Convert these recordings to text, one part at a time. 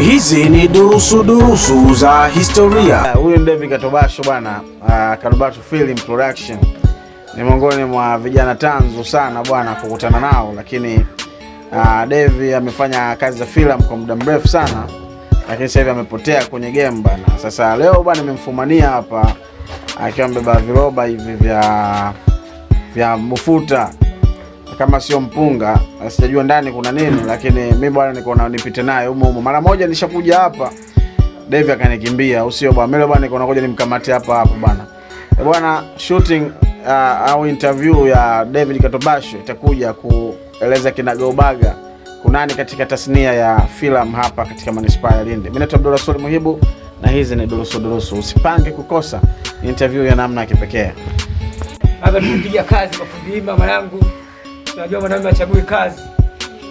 Hizi ni durusu durusu za historia. Ah, huyu ni David Katobasho bwana, uh, Film Production ni miongoni mwa vijana tanzu sana bwana kukutana nao, lakini uh, ah, Devi amefanya kazi za filamu kwa muda mrefu sana, lakini sasa hivi amepotea kwenye game bwana. Sasa leo bwana nimemfumania hapa akiwa amebeba viroba hivi vya vya mafuta kama sio mpunga, sijajua ndani kuna nini, lakini mimi bwana niko na nipite naye humo humo. Mara moja nishakuja hapa, Dave akanikimbia, usio bwana mimi bwana niko nakuja nimkamate hapa hapo bwana E bwana. Shooting uh, au interview ya David Katobasho itakuja kueleza kinagaubaga kunani katika tasnia ya filamu hapa katika manispaa ya Lindi. Mimi naitwa Abdulrasul Muhibu na hizi ni durusu durusu. Usipange kukosa interview ya namna ya kipekee hapa tunapiga kazi mafundi, mama yangu Unajua mwanaume achagui kazi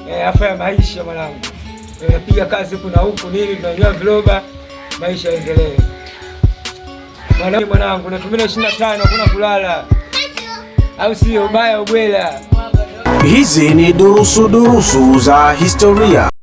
eh, afa ya maisha mwanangu, napiga eh, kazi huku na huku nini, tunanywa viloba, maisha yaendelee mwanangu, mwanangu na tano hakuna kulala, au sio? Ubaya ubwela. Hizi ni durusu durusu za historia.